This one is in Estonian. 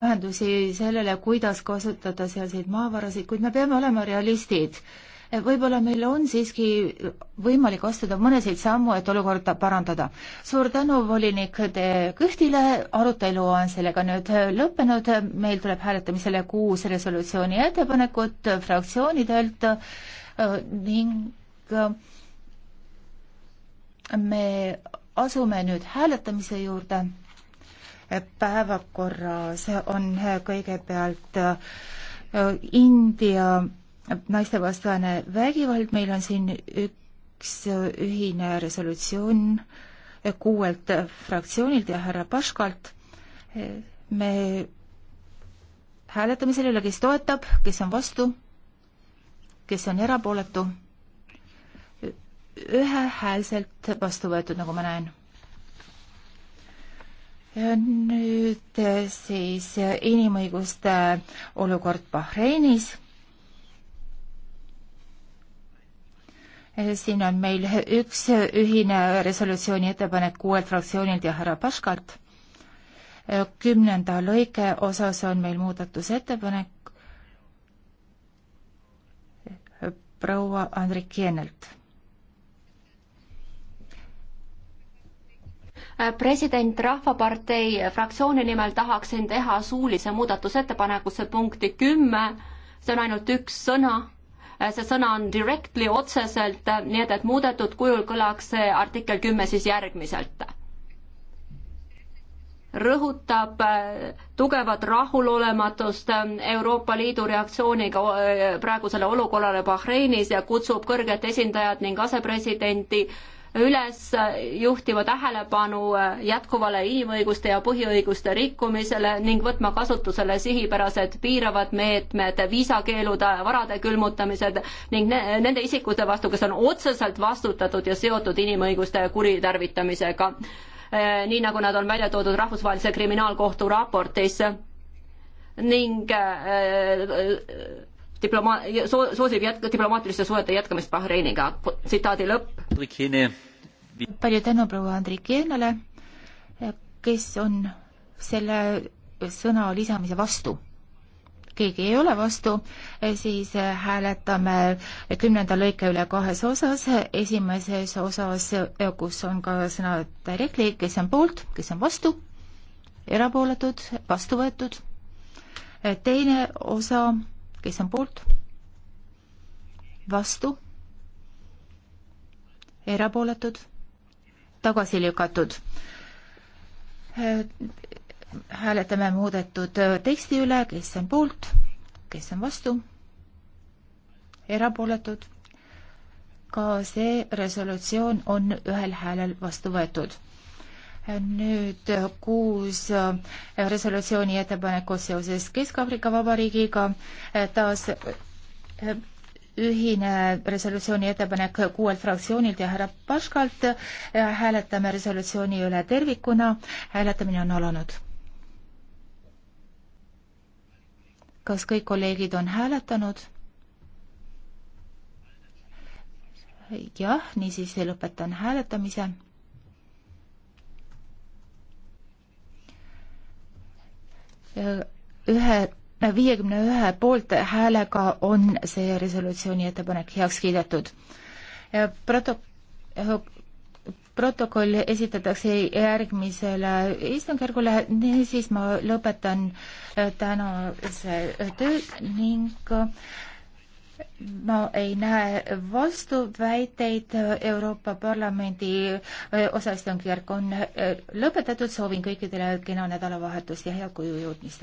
lahendusi sellele, kuidas kasutada sealseid maavarasid, kuid me peame olema realistid. võib-olla meil on siiski võimalik astuda mõnesid sammu, et olukorda parandada. suur tänu, volinik De Kõhtile, arutelu on sellega nüüd lõppenud, meil tuleb hääletamisele kuus resolutsiooni ettepanekut fraktsioonidelt äh, ning äh, me asume nüüd hääletamise juurde päevakorras on äh, kõigepealt äh, India naistevastane vägivald, meil on siin üks äh, ühine resolutsioon kuuelt fraktsioonilt ja härra Paškalt. me hääletame selle üle, kes toetab, kes on vastu, kes on erapooletu ühehäälselt vastu võetud, nagu ma näen nüüd eh, siis eh, inimõiguste olukord Bahreinis. Eh, siin on meil üks ühine resolutsiooni ettepanek kuuelt fraktsioonilt ja härra Paškalt. kümnenda lõike osas on meil muudatusettepanek proua Andrik Kienelt president Rahvapartei fraktsiooni nimel tahaksin teha suulise muudatusettepanekusse punkti kümme, see on ainult üks sõna, see sõna on directly otseselt, nii et, et muudetud kujul kõlaks see artikkel kümme siis järgmiselt. rõhutab äh, tugevat rahulolematust äh, Euroopa Liidu reaktsiooniga äh, praegusele olukorrale Bahreinis ja kutsub kõrget esindajat ning asepresidenti äh, üles juhtima tähelepanu jätkuvale inimõiguste ja põhiõiguste rikkumisele ning võtma kasutusele sihipärased piiravad meetmed, viisakeelud, varade külmutamised ning ne nende isikute vastu, kes on otseselt vastutatud ja seotud inimõiguste kuritarvitamisega. Eh, nii nagu nad on välja toodud Rahvusvahelise Kriminaalkohtu raportis ning eh, diploma-, so-, soosib jätk-, diplomaatiliste suhete jätkamist Bahreiniga. tsitaadi lõpp. palju tänu proua Andrikienale, kes on selle sõna lisamise vastu. keegi ei ole vastu, siis hääletame kümnenda lõike üle kahes osas, esimeses osas, kus on ka sõna directly, kes on poolt, kes on vastu, erapooletud, vastu võetud, teine osa kes on poolt, vastu, erapooletud, tagasi lükatud. hääletame muudetud teksti üle, kes on poolt, kes on vastu, erapooletud. ka see resolutsioon on ühel häälel vastu võetud nüüd kuus äh, resolutsiooni ettepanekut seoses Kesk-Aafrika Vabariigiga, äh, taas äh, ühine resolutsiooni ettepanek kuuelt fraktsioonilt ja härra Paškalt. hääletame resolutsiooni üle tervikuna. hääletamine on alanud. kas kõik kolleegid on hääletanud? jah, niisiis lõpetan hääletamise ühe, viiekümne ühe poolthäälega on see resolutsiooni ettepanek heaks kiidetud. proto-, protokoll esitatakse järgmisele istungjärgule, niisiis ma lõpetan tänase töö ning ma ei näe vastuväiteid äh, Euroopa Parlamendi äh, osaistungjärk on äh, lõpetatud, soovin kõikidele kena nädalavahetust ja head koju jõudmist.